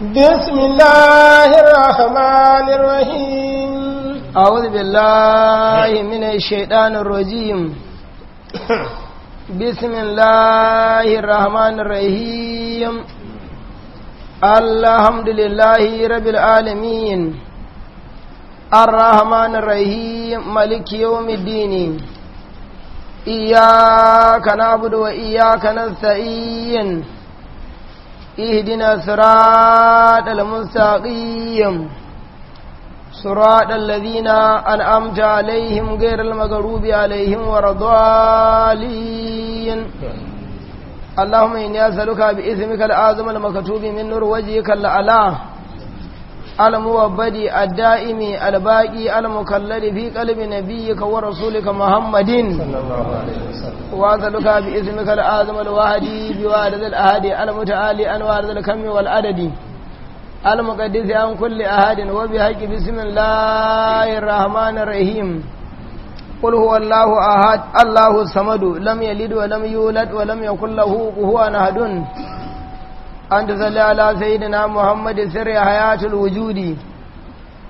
بسم الله الرحمن الرحيم أعوذ بالله من الشيطان الرجيم بسم الله الرحمن الرحيم الحمد لله رب العالمين الرحمن الرحيم ملك يوم الدين إياك نعبد وإياك نستعين اهدنا صراط المستقيم صراط الذين أنعمت عليهم غير المغروب عليهم ورضالين اللهم إني أسألك بإثمك العظم المكتوب من نور وجهك الأعلى الموبد الدائم الباقي المكلل في قلب نبيك ورسولك محمد وأسألك باسمك الأعظم الواهدي بوارد الأهدي المتعالي عن وارد الكم والعدد المقدس عن كل أحد وبحق بسم الله الرحمن الرحيم قل هو الله أحد الله الصمد لم يلد ولم يولد ولم يكن له كفوا أحد an da salli ala sayidina muhammad sirri a hayatul wujudi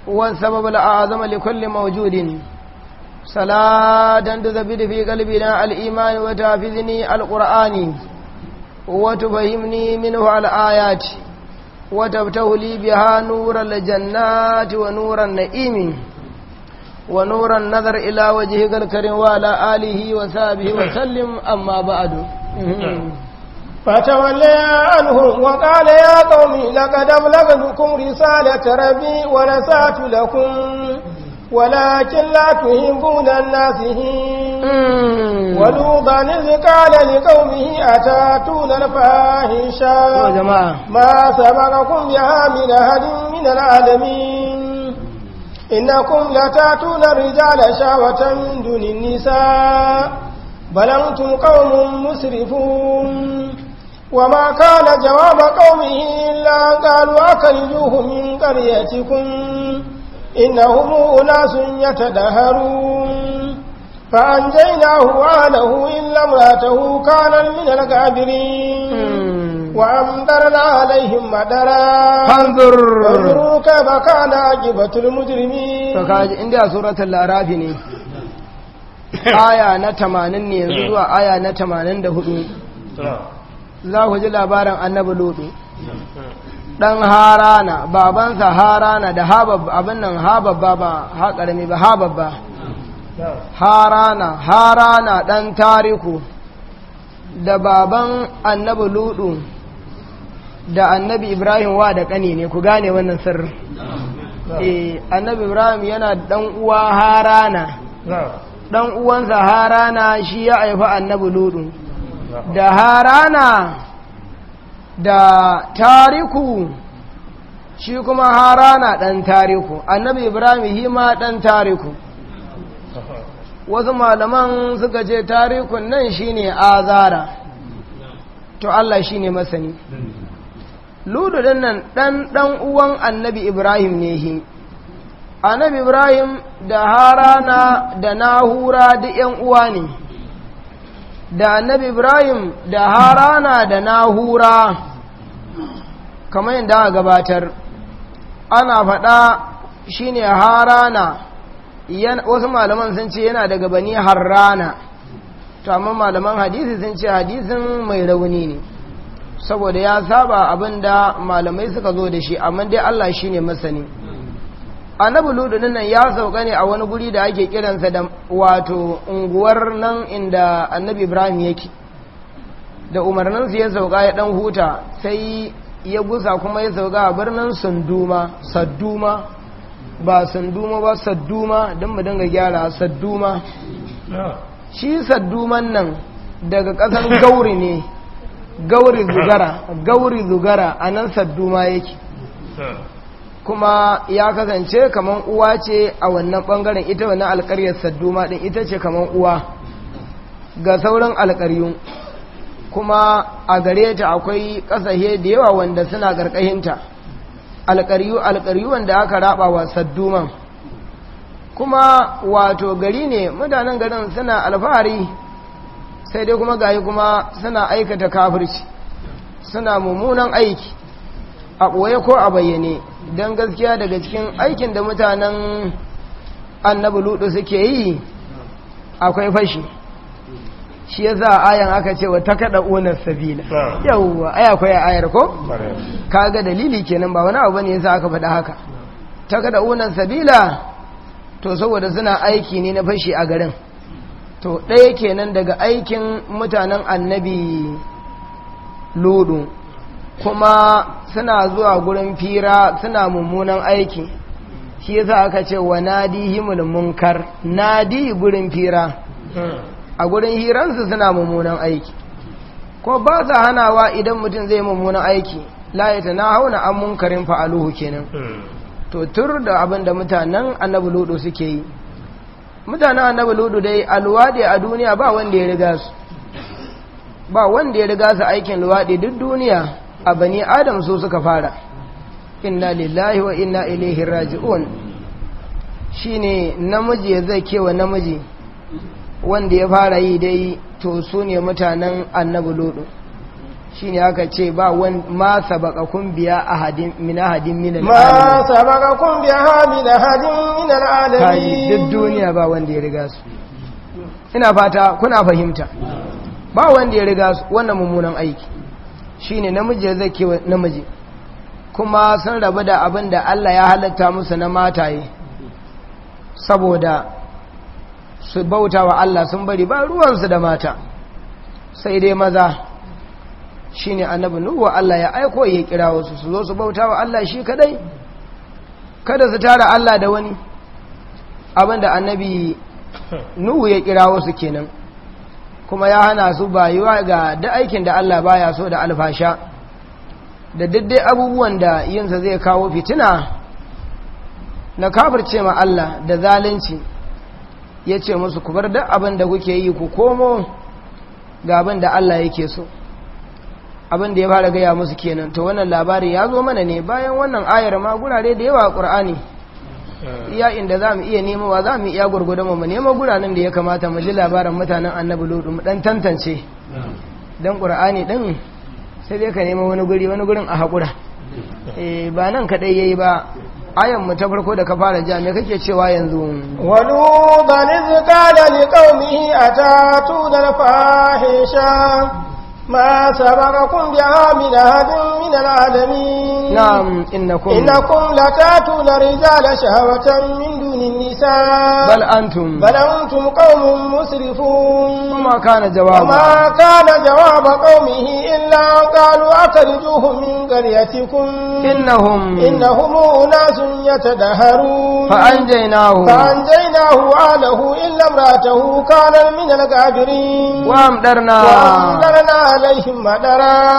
wa sababu al'azama li kulli mawjudin salatan tuzabbitu fi qalbi na al-iman wa tahfizni al-qur'ani wa tufahimni minhu al-ayat wa tabtahu li biha nuran al wa nuran na'im wa nuran nazar ila wajhi al-karim wa ala alihi wa sahbihi wa sallim amma ba'du mm فتولى عنهم وقال يا قوم لقد أبلغتكم رسالة ربي ونسأت لكم ولكن لا تهمون الناس ولوطا إذ قال لقومه أتاتون الفاحشة ما سبقكم بها من أحد من العالمين إنكم لتأتون الرجال شهوة من دون النساء بل أنتم قوم مسرفون وما كان جواب قومه إلا قالوا أكرجوه من قريتكم إنهم أناس يتدهرون فأنجيناه وأهله إلا امرأته كان من الكافرين وأمطرنا عليهم مدرا فانظر فانظروا كيف كان عجبة المجرمين فكاج عند سورة الأعراف ني آية na 80 ne zuwa aya za ku ji labarin annabi lobe dan harana babansa harana da habab abin nan hababba ba ha karami ba hababba harana harana dan tariku da baban annabi ludu da annabi ibrahim wa da kani ne ku gane wannan sirri eh annabi ibrahim yana dan uwa harana dan uwansa harana shi ya haifi annabi ludu da harana da tariku shi kuma harana ɗan tariku annabi ibrahim hima ɗan tariku wasu malaman suka je tarikun nan shine azara to allah shine masani ludu ɗin nan ɗan ɗan uwan annabi ibrahim ne shi annabi ibrahim da harana da nahura duk 'yan uwa ne da annabi ibrahim da harana da nahura kamar yadda a gabatar ana faɗa shine harana wasu malaman sun ce yana daga bani harana to amma malaman hadisi sun ce hadisin mai rauni ne saboda ya saba abinda malamai suka zo da shi amma dai allah shine masani annabi ludu nan ya sauka ne a wani guri da ake kiransa da wato unguwar nan inda annabi ibrahim yake da umarninsu ya sauka ya dan huta sai ya gusa kuma ya sauka a birnin sanduma sadduma ba sanduma ba sadduma don mu dinga gyara sadduma shi sadduman nan daga ƙasar gauri ne gauri zugara gauri zugara a nan sadduma yake kuma ya kasance kaman uwa ce a wannan bangaren ita wannan alkaryar sadduma din ita ce kaman uwa ga sauran alkaryun kuma a gare ta akwai ƙasashe da yawa wanda suna ƙarƙahinta. alƙaryu alƙaryu wanda aka raba wa sadduman kuma wato gari ne mutanen garin suna alfahari sai dai kuma gayi kuma suna aikata kafirci suna mummunan aiki a ɓoye ko a bayyane don gaskiya daga cikin aikin da mutanen annabi ludu suke yi akwai fashi shi ya za a ayan aka ce wa takaɗa unar sabila yauwa ai akwai ya ayar ko? kaga dalili kenan ba wani abu ne yasa aka faɗa haka takaɗa unar sabila to saboda suna aiki ne na fashi a garin to ɗaya kenan daga aikin mutanen annabi ludu kuma suna zuwa gurin fira suna mummunan aiki shi yasa aka ce wa nadihimul munkar nadi gurin fira a gurin hiransu suna mummunan aiki ko ba sa hanawa idan mutum zai mummunan aiki layata na hauna an munkarin fa'aluhu kenan to tur da abin da mutanen annabi ludu suke yi mutanen annabi ludu dai alwadi a duniya ba wanda ya riga su ba wanda ya riga su aikin luwaɗi duk duniya a bani adam su suka fara inna lillahi wa inna ilaihi raji'un shine namiji ya zai kewa namiji wanda ya fara yi dai to su ne mutanen annabi lodo shine aka ce ba wan ma kun biya ahadin min ahadin min al-alamin ma kun biya min ahadin min al kai duk duniya ba wanda ya riga su ina fata kuna fahimta ba wanda ya riga su wannan mummunan aiki shine namiji zai kewa namiji kuma sun rabu da abin da Allah ya halatta musu na mataye saboda su bauta wa Allah sun bari ba ruwansu da mata sai dai maza shine annabi nuhu Allah ya aiko ya kira wasu su zo su bauta wa Allah shi kadai kada su tara Allah da wani abinda annabi nuhu ya kira wasu kenan kuma ya hana su bayuwa ga da aikin da Allah baya so da alfasha da daddai abubuwan da yinsa zai kawo fitina na kafirce ma Allah da zalunci ya ce musu ku bar duk abin da kuke yi ku komo ga abin da Allah yake so abin da ya fara gaya musu kenan to wannan labari ya zo mana ne bayan wannan ayar ma gurare da yawa a ƙur'ani Eh. iya inda za mu iya wa za mu iya gwargwadon mu nemo guranin da ya kamata mu ji labarin mutanen annabi lodu mu dan tantance eh. dan qur'ani din sai dai ka nemo wani guri wani gurin a hakura eh ba nan kadai yayi ba ayan mu ta farko da ka fara ja me kake cewa yanzu walu banizqa da liqaumihi atatu dal fahisha ما سبقكم بها من أحد من العالمين نعم إنكم إنكم لتاتون الرجال شهوة من دون النساء بل أنتم بل أنتم قوم مسرفون وما كان جواب وما كان جواب قومه إلا أن قالوا أخرجوهم من قريتكم إنهم إنهم أناس يتدهرون فأنجيناه فأنجيناه أهله إلا امرأته كان من الكافرين وأمدرنا وأمدرنا عليهم مدرا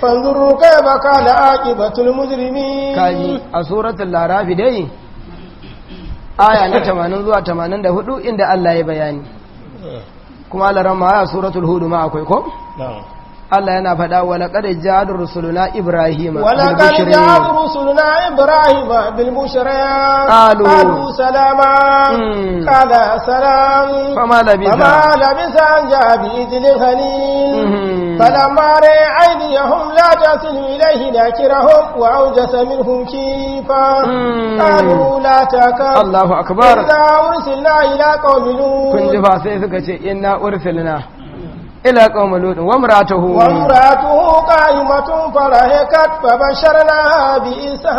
فانظروا كيف كان عاقبة المجرمين كاجي سورة الأعراف دي آية na inda Allah ya bayani kuma Allah ran ma suratul hud ma akwai ko Allah yana faɗa wa laqad ja'a rusuluna ibrahima wa laqad ja'a rusuluna ibrahima bil bushra qalu salama hmm. qala salam fama labisa fama labisa an ja'a bi idli khalil hmm. falamma ra'a aydihum la tasilu ilayhi nakirahum wa awjasa minhum khifa hmm. qalu la takam Allahu akbar inna ursilna ila qaumin kun jifa sai suka ce inna ursilna ila ƙaunar lutun wa wa muratuhu ƙayi matun fara hekat babashar na bi isa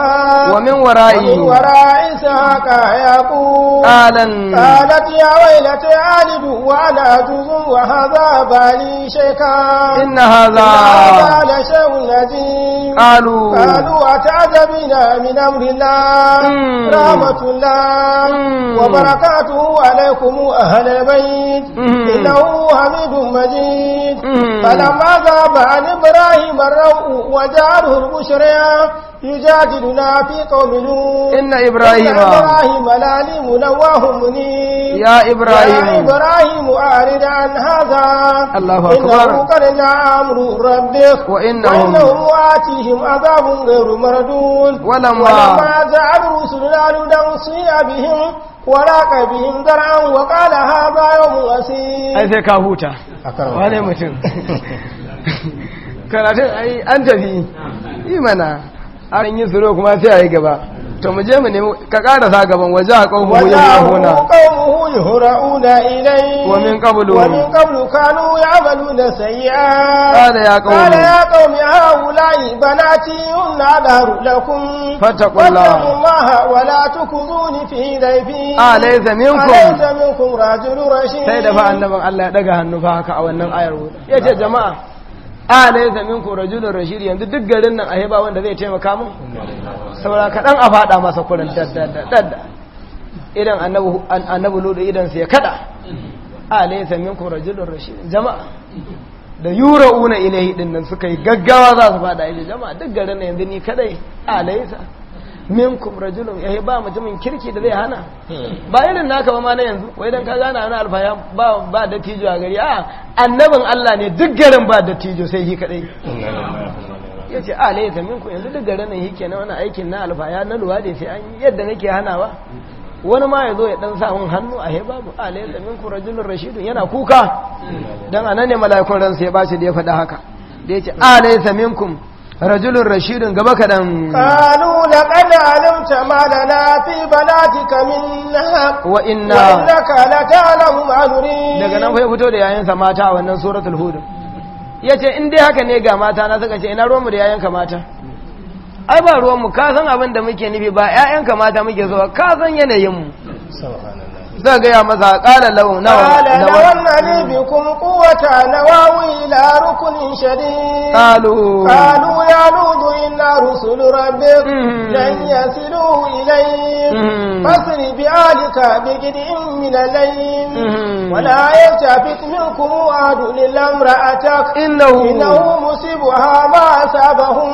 wa min wara isa ka ya ku alan ƙadat ya waila ta yi alidu wa ana tuzun wa haza bali haza da shehun naji ƙalu ƙalu a ta azabi na min amrila ramatula wa barakatu alaikumu a hanabai ilahu hamidu Maji. الحديد فلما ذهب عن إبراهيم الروء وجعله البشرى يجادلنا في قوم لوط إن إبراهيم إن إبراهيم لعليم نواه منيب يا إبراهيم يا إبراهيم أعرض عن هذا الله أكبر إنه قد جاء أمر ربك وإنهم وإنهم آتيهم عذاب غير مردود ولما, ولما جعلوا رسلنا لودا وصي بهم waraka bihim zar'an wa qala hadha yawmun wasi. ai sai ka huta wane mutum karatun ai an tafi imana an yi tsoro kuma sai a yi gaba to mu je mu ne ka karasa gaban waje a kawo mu ya huna wa min qablu wa min qablu kanu ya'maluna sayyi'at qala ya qawmi kada ya qawmi haula'i banati yunna dahru lakum fattaqullaha wa wala tukuzuni fi dhayfi alaysa ah, minkum alaysa minkum rajulun rashid sai da fa annaban Allah ya daga hannu fa haka a wannan ayar wuta yace jama'a zamin minkum rajulun rashidi yanzu duk garin nan a ba wanda zai taimaka mu saboda kaɗan a faɗa masa kurin dadda idan annabu ludu idan sai ya kada zamin minkum rajulun rashid jama'a da yura una ilahi din nan suka yi gaggawa za su faɗa yace jama'a duk garin nan yanzu ni kadai sa. minkum rajulun eh ba mutumin kirki da zai hana hmm. ba irin naka ba ma na yanzu wai dan ka gana ana alfaya ba ba da tijo a gari a annabin Allah ne duk garin ba da tijo sai shi kadai yace a laita minkum yanzu duk garin nan yake na wani aikin na alfaya na luwade sai an yadda nake hanawa wani ma ya zo ya dan sa mun hannu a heba mu a laita minkum rajulun rashidun yana kuka dan anan ne mala'ikun sai ya bashi da ya faɗa haka da yace a laita minkum rajulun rashidun gaba kaɗan ƙalu da ƙada alimta ma da na fi min na wa inna wa inna ka daga nan fa ya fito da yayansa mata a wannan suratul hudu. ya ce in dai haka ne ga mata na suka ce ina ruwanmu da yayanka mata ai ba ruwanmu ka san abin da muke nufi ba yayanka mata muke zuwa ka san yanayinmu za gaya masa ƙala lau nawa nawa bi kuma kuwata nawawi ila rukunin shari kalu kalu ya ludu illa rusul rabbi hmm. lan yasilu ilayhi hmm. fasri bi alika bi gidin min alayhin hmm. wala yastafit minkum ahad lil imra'atak innahu innahu musibuha ma asabahum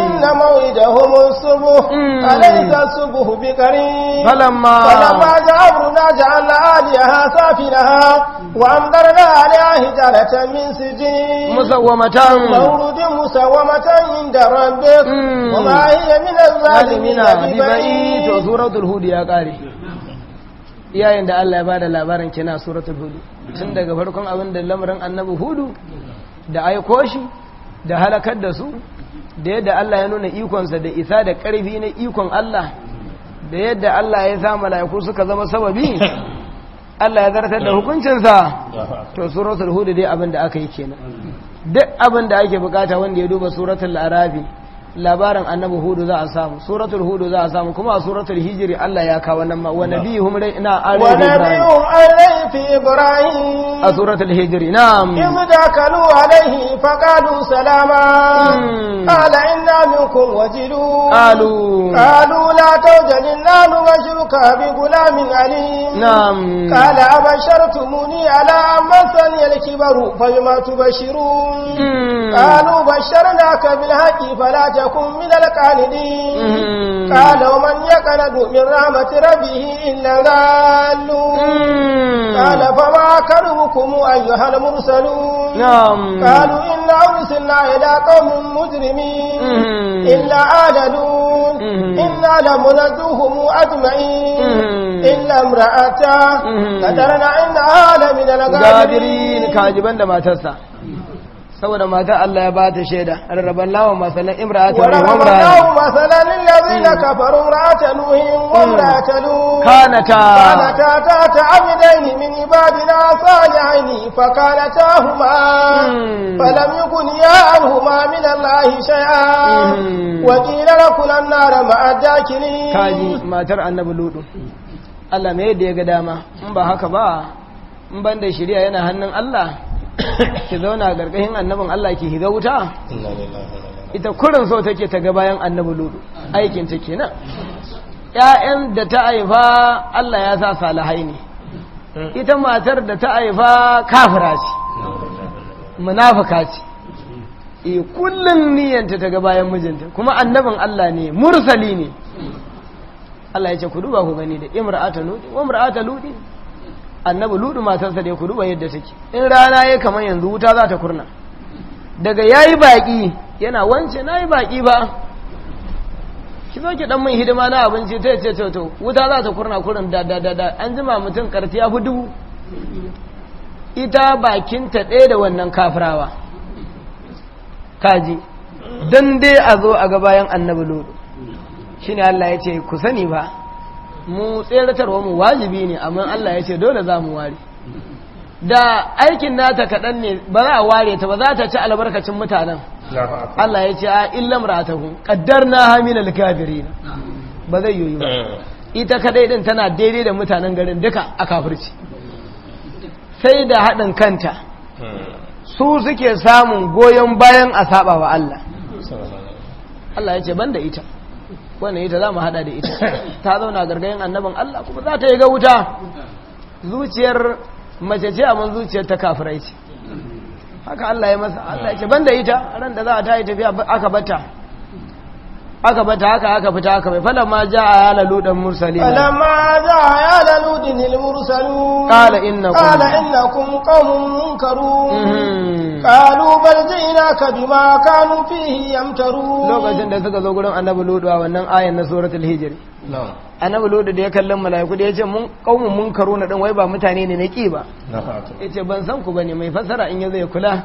inna mawidahum as-subh alaysa as-subh bi karim falamma falamma ja'abru ربنا جعل عاليها سافلها وأمطرنا عليها حجارة من سجين مسومة مورد مسومة عند ربك وما هي من الظالمين ببعيد سورة الهود يا قاري iyayen da Allah ya bada labarin kina suratul hudu tun daga farkon abin da lamarin annabi hudu da aiko shi da halakar da su da yadda Allah ya nuna ikonsa da isa da karfi na ikon Allah da yadda Allah ya sa mala'iku suka zama sababi Allah ya zartar da hukuncinsa to suratul hud dai abin da aka yi kenan duk abin da ake bukata wanda ya duba suratul arabi labarin annabi hudu za a samu suratul hudu za a samu kuma a suratul hijiri Allah ya kawo nan ma wa nabiyuhum na alayhi ibrahim a suratul hijiri na'am iz dakalu alayhi faqalu salama hmm. qala inna minkum wajilu qalu qalu la tawjal inna nubashiruka bi gulamin alim na'am qala abashartumuni ala masani al-kibaru fayma tubashirun hmm. qalu basharnaka bil haqqi fala تكن من القانتين قال ومن يقنط من رحمة ربه إلا ضالون قال فما كرهكم أيها المرسلون نعم قالوا إنا أرسلنا إلى قوم مجرمين إلا آل لوط إنا لمنجوهم أجمعين إلا امرأته قدرنا إنها لمن الغابرين كاجبا لما تسأل saboda mata Allah ya ba ta shaida rarraban lawan masalan imra'atu wa imra'atu masalan allazina hmm. kafaru imra'atu nuhin wa hmm. imra'atu lut kanata kanata ta ta'abidain min ibadina salihain fa kanata kanatahuma hmm. falam yughniya anhuma min allahi shay'a wa qila lakul an-nar ma'adakilin kaji matar annabi ludu Allah me yadda ya ga dama in ba haka ba in ban da shari'a yana hannun Allah ki zauna gargahin annabin Allah ki higa wuta ita kurin so take ta ga bayan annabi ludu aikin ta kenan ƴaƴan da ta haifa Allah ya sa salihai ne ita matar da ta haifa kafira ce munafika ce e kullun niyyanta ta ga bayan mijinta kuma annabin Allah ne mursali ne Allah ya ce ku duba ku gani da imra'ata ludi wa imra'ata ludi annabi ludu matarsa ne ku duba yadda take in rana ya kamar yanzu wuta za ta kurna daga ya yi baƙi yana wance na yi baƙi ba ki zo ki dan min hidima na abinci ta ce to to wuta za ta kurna kurin da da da an jima mutum karti ya fi dubu ita ta ɗaya da wannan kafirawa kaji dan dai a zo a ga bayan annabi ludu shine Allah ya ce ku sani ba mu tseratarwa mu wajibi ne amma Allah ya ce dole za mu ware da aikin nata kaɗan ne ba za a ware ta ba za ta ci albarkacin mutanen Allah ya ce a illam ratahu kaddar na na likabiri ba zai yoyi ba ita kaɗai ɗin tana daidai da mutanen garin duka a kafirci sai da haɗin kanta su suke samun goyon bayan a saba wa Allah Allah ya ce ban da ita wannan ita za mu hada da ita ta zauna gargayin annabin Allah kuma za ta yi ga wuta zuciyar mace ce amma zuciyar ta kafirai ce haka Allah ya masa Allah ya ita ran da za a ta yi tafiya aka bata aka bata haka aka fita haka mai falamma jaa ala ludan mursalin falamma jaa ala ludin lil mursalun qala kun qala innakum qaumun munkarun mhm. qalu bal ji'naka bima kanu yamtaru lokacin da suka zo wurin annabi ludu a wannan ayan na suratul annabi lodo da ya kallon mala'iku da ya ce mun kaumun mun karo na ɗan wai ba mutane ne na ki ba ya ce ban san ku bane mai fasara in ya zai kula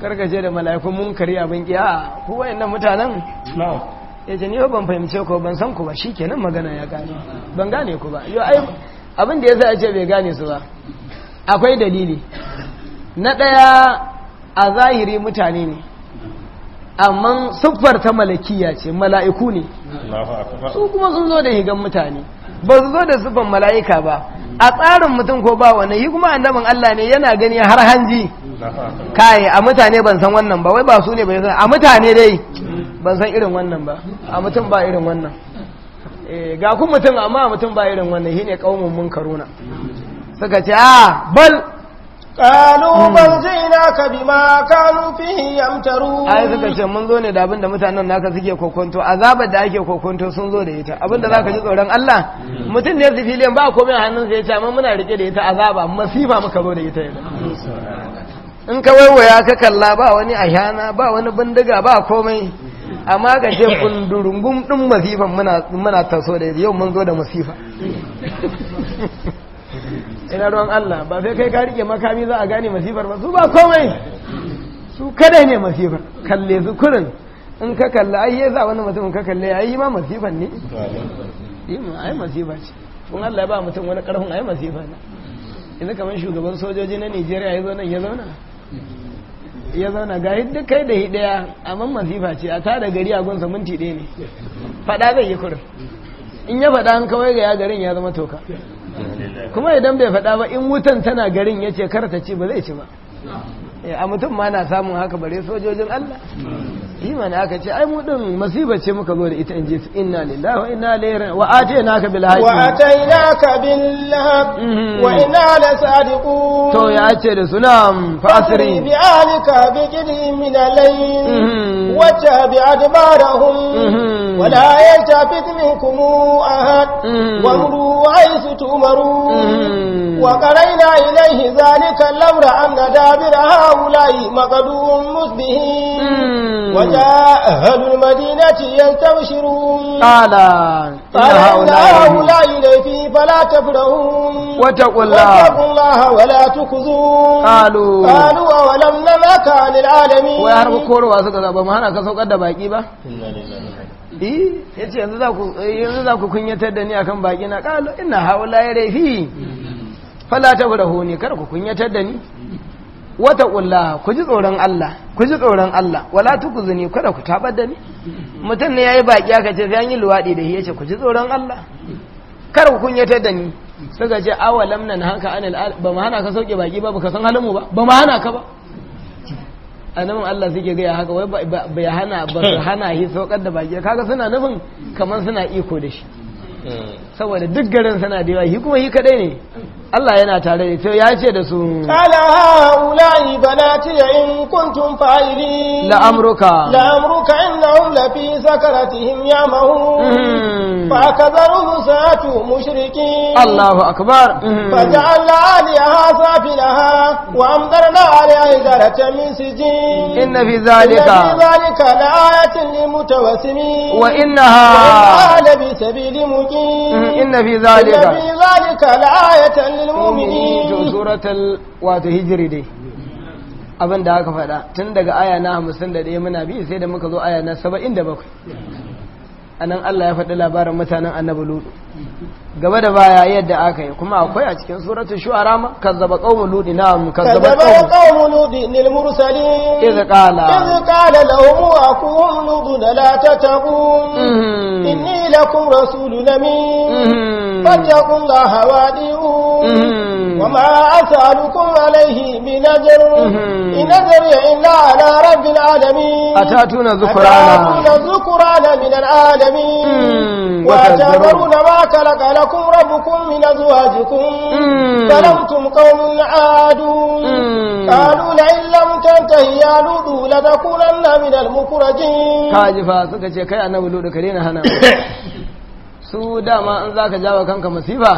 karkace da mala'iku mun kari abin ki a ku nan mutanen ya ce ni ban fahimce ku ban san ku ba shi nan magana ya gane ban gane ku ba yo ai abin da yasa ya ce bai gane su ba akwai dalili na daya a zahiri mutane ne amma siffar ta malakiya ce mala'iku ne su kuma sun zo da higan mutane ba su zo da siffar mala'ika ba a tsarin mutum ko ba wannan yi kuma annabin Allah ne yana gani har hanji kai a mutane ban san wannan ba wai ba su ne bai san a mutane dai ban san irin wannan ba a mutum ba irin wannan eh, ga kun mutum amma mutum ba irin wannan shine kaumun munkaruna suka ce a ah, bal قالوا بل جئناك بما كانوا فيه يمترون ai suka ce mun zo ne da abinda mutanen naka suke kokonto azabar da ake kokonto sun zo da ita abinda zaka ji tsoron Allah mm. mutum ne filin ba komai hannun sa ya ce amma muna rike da ita azaba masifa muka zo da ita in ka waiwaya ka kalla ba wani ashana ba wani bindiga ba komai amma ga ce kundurungum din masifan muna muna taso da yau mun zo da masifa ina ruwan Allah ba sai kai ka rike makami za a gane masifar ba su ba komai su kada ne masifar kalle su kurin in ka kalle ai za wani mutum ka kalle ai ma masifar ne ai masifa ce kun Allah ba mutum wani karfin ai masifa ne yanzu kamar shugaban sojoji na Nijeriya ya zo nan ya zauna ya zauna ga duk kai da hidaya amma masifa ce a tada gari a gunsa minti ɗaya ne faɗa zai yi kurin in ya faɗa an kawai ga ya garin ya zama toka kuma idan bai faɗa ba in wutan tana garin ya ce karta ci ba zai ci ba eh, a mutum ma na samun haka bare sojojin Allah yi mana aka ce ai mudin masiba ce muka zo da ita inji inna lillahi wa inna ilaihi raji'un wa atainaka bil haqq wa atainaka bil haqq mhm. wa inna la sadiqun to ya ce da sunan fasiri bi alika bi kidi min alayn mhm. wa tabi adbarahum mhm. wa la yaltafit minkum ahad wa حيث تؤمرون وقرينا إليه ذلك الأمر أن دابر هؤلاء مقدوم مسبهين وجاء أهل المدينة يستبشرون قال إن هؤلاء إليه فلا تفرهون واتقوا الله واتقوا الله ولا تخزون قالوا قالوا أولم نمك عن العالمين ويا رب كوروا واسكت أبو مهانا كسوك الدباكي با eh yace eh, yanzu za ku kunyatar da ni akan baki na qalu inna haula yarefi fala tabrahuni kada ku kunyatar da ni wata ƙulla ku ji tsoron Allah ku ji tsoron Allah wala tukuzuni kada ku tabar da ni mutum ne yayi baki aka ce sai an yi luwadi da ce ku ji tsoron Allah kada ku kunyatar da ni suka ce awalam nan haka anil ba mu hana ka sauke baki ba baka san halin mu ba ba mu hana ka ba annabin Allah suke gaya haka wai bai hana ba hana shi saukar da baki kaga suna nufin kamar suna iko da shi hmm. saboda duk garin sana da yawa shi kuma shi kadai ne Allah yana tare da sai ya ce da su ala haula'i banati in kuntum fa'ilin la amruka la amruka innahum la fi sakaratihim yamahun mm-hmm. fa kadharuhu sa'atu mushrikin Allahu akbar mm-hmm. fa ja'alna 'aliyaha safilaha wa amdarna 'alayha hijaratan min sijin inna fi dhalika inna fi dhalika la'ayatin lil mutawassimin wa innaha la bi sabilin muqim إن fi ذلك إن في ذلك lil للمؤمنين to suratul wato hijri abin da aka faɗa tun daga aya na 51 muna bi sai da muka zo aya na 77 anan Allah ya faɗi labarin mutanen annabi ludu gaba da baya yadda aka yi kuma akwai a cikin suratul shu'ara ma kazzaba qaumul ludi na'am kazzaba qaumul ludi lil mursalin iz qala iz qala lahum akum lud la tatabun mm-hmm. inni lakum rasulun amin mm-hmm. fattaqullaha wa وما أسألكم عليه من أجر إن أجري إلا على رب العالمين أتاتون الذكران الذكران من العالمين وأتذرون ما خلق لكم ربكم من أزواجكم فلمتم قوم عادون قالوا لئن لم تنتهي يا لود لتكونن من المخرجين كاجي فاسكا ce kai annabi lulu ka daina hana su dama an zaka jawo kanka masifa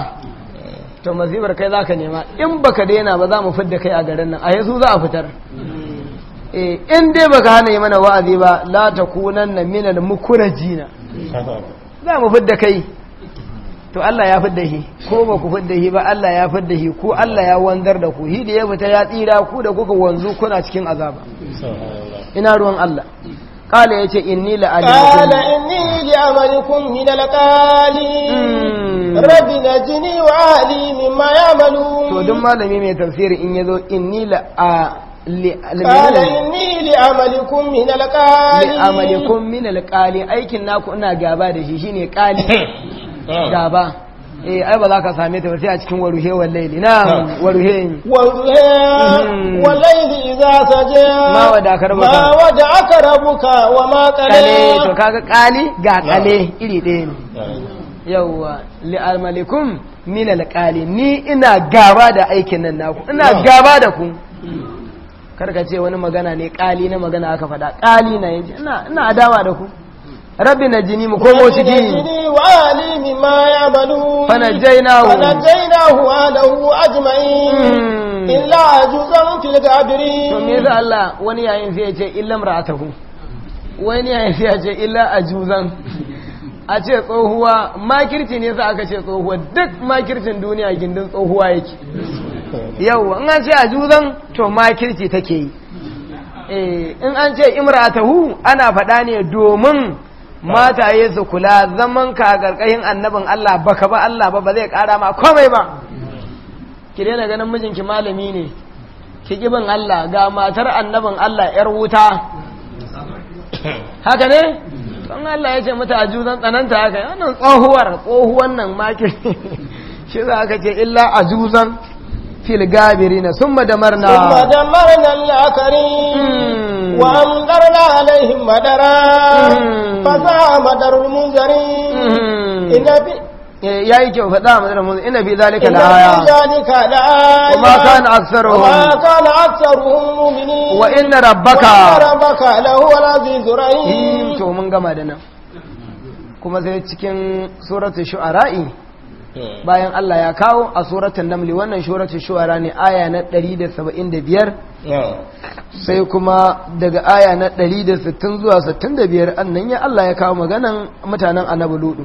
to mazibar kai za ka nema in ba ka daina ba za mu fidda kai a garin nan a yanzu za a fitar eh, in dai baka hana yi mana wa'azi ba la ta kunan na minal jina za mu fidda kai to Allah ya fidda shi ko ba ku fidda shi ba Allah ya fidda shi ko Allah ya wanzar da ku shi da ya fita ya tsira ku da kuka wanzu kuna cikin azaba ina ruwan Allah قال يا إني لأجمعكم قال إني لأجمعكم من القالين rabbi jini wa ahli mimma to duk malami mai tafsiri in yazo inni la قال إني لعملكم من لعملكم من aikin gaba da shi eh ai ba za ka same ta sai a cikin waruhe wallaili na waruhe waruhe mm-hmm. wallaili idza saja ma wadaka rabuka ma rabuka wa ma qali to kaga qali ga qale iri ɗaya yawwa li'amalikum min alqali ni ina gaba da aikin nan naku ina gaba da ku karka ce wani magana ne qali na magana aka faɗa qali na yaji ina ina adawa da ku rabbi na jini mu komo ciki wa alimi ma ya balu fanajjainahu wa lahu ajma'in hmm. illa juzan fil gabirin to me da Allah wani yayin sai ya ce illa imra'atahu wani yayin sai ya ce illa ajuzan a ce tsohuwa makirci ne sa aka ce tsohuwa duk makircin duniya gindin tsohuwa yake yau in an ce a juzan to makirci take yi eh, in an ce imratahu ana faɗa ne domin mataye su kula zaman ka gargayin annabin Allah baka ba Allah ba ba zai kara ma komai ba ki daina ganin mijinki malami ne ki bin Allah ga matar annabin Allah yar wuta haka ne don Allah ya ce mata ajuzan tsananta haka wannan tsohuwar tsohuwan nan makir shi za ka ce illa ajuzan fil sun summa na. summa damarna na akarin hmm. wa an amdarna alaihim madara hmm. fa sa'a madarul munzarin hmm. inna fi Eh, ya yi kyau faɗa a madara mun ina fi zalika da aya kuma kan aksaru wa inna rabbaka to mun gama da nan kuma sai cikin suratul shu'ara'i bayan Allah ya kawo a suratul namli wannan suratul shu'ara ne aya na 175 sai kuma daga aya na 160 zuwa 65 annan ya Allah ya kawo maganan mutanen annabi ludu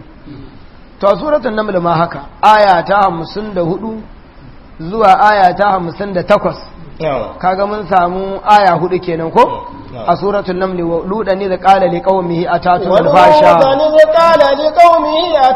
to a suratun naml ma haka aya ta hamsin da hudu zuwa aya ta hamsin da takwas kaga mun samu aya hudu kenan ko a suratul naml ludan idh qala liqaumihi atatu al-fasha wa ludan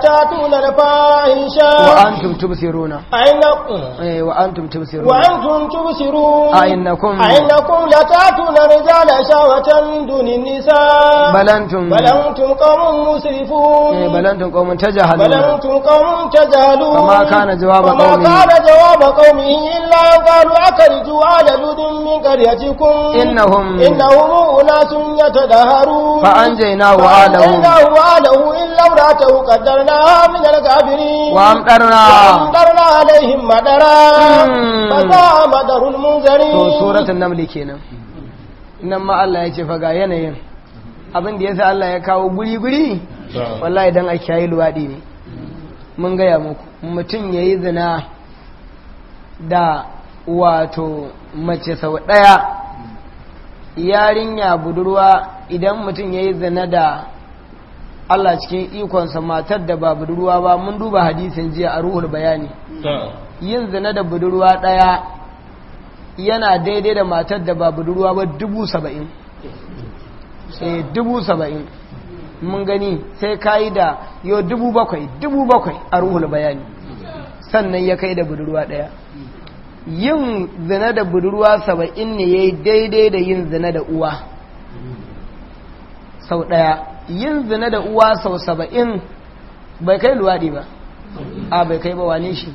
تأتون الفاحشة وأنتم تبصرون أئنكم وأنتم تبصرون وأنتم تبصرون أئنكم أئنكم لتأتون الرجال شهوة دون النساء بل أنتم بل أنتم قوم مسرفون بل أنتم قوم تجهلون بل أنتم قوم تجهلون فما كان جواب قومه فما كان جواب قومه إلا أن قالوا أخرجوا آل لوط من قريتكم إنهم إنهم أناس يتدهرون فأنجيناه وآله فأنجيناه وآله إلا امرأته قدرنا من الكافرين وامطرنا وامطرنا عليهم مطرا فساء مطر المنذرين سورة النمل كينا إنما الله يتفقى ينين abin da ya Allah ya kawo guri-guri wallahi dan a kiyaye luwaɗi ne mun gaya muku mutum ya yi zina da wato mace sau ɗaya yarinya budurwa idan mutum ya yi zina da Allah cikin ikonsa matar da ba budurwa ba mun duba hadisin jiya a ruhul bayani yin zina da budurwa ɗaya yana daidai da matar da ba budurwa ba dubu saba'in eh, dubu saba'in mun gani sai ka yi da yau dubu bakwai dubu bakwai a ruhul bayani sannan ya kai da budurwa ɗaya yin zina da budurwa saba'in ne ya yi daidai da yin zina da uwa sau ɗaya yin zina da uwa sau saba'in bai kai luwaɗi ba a bai kai ba wane shi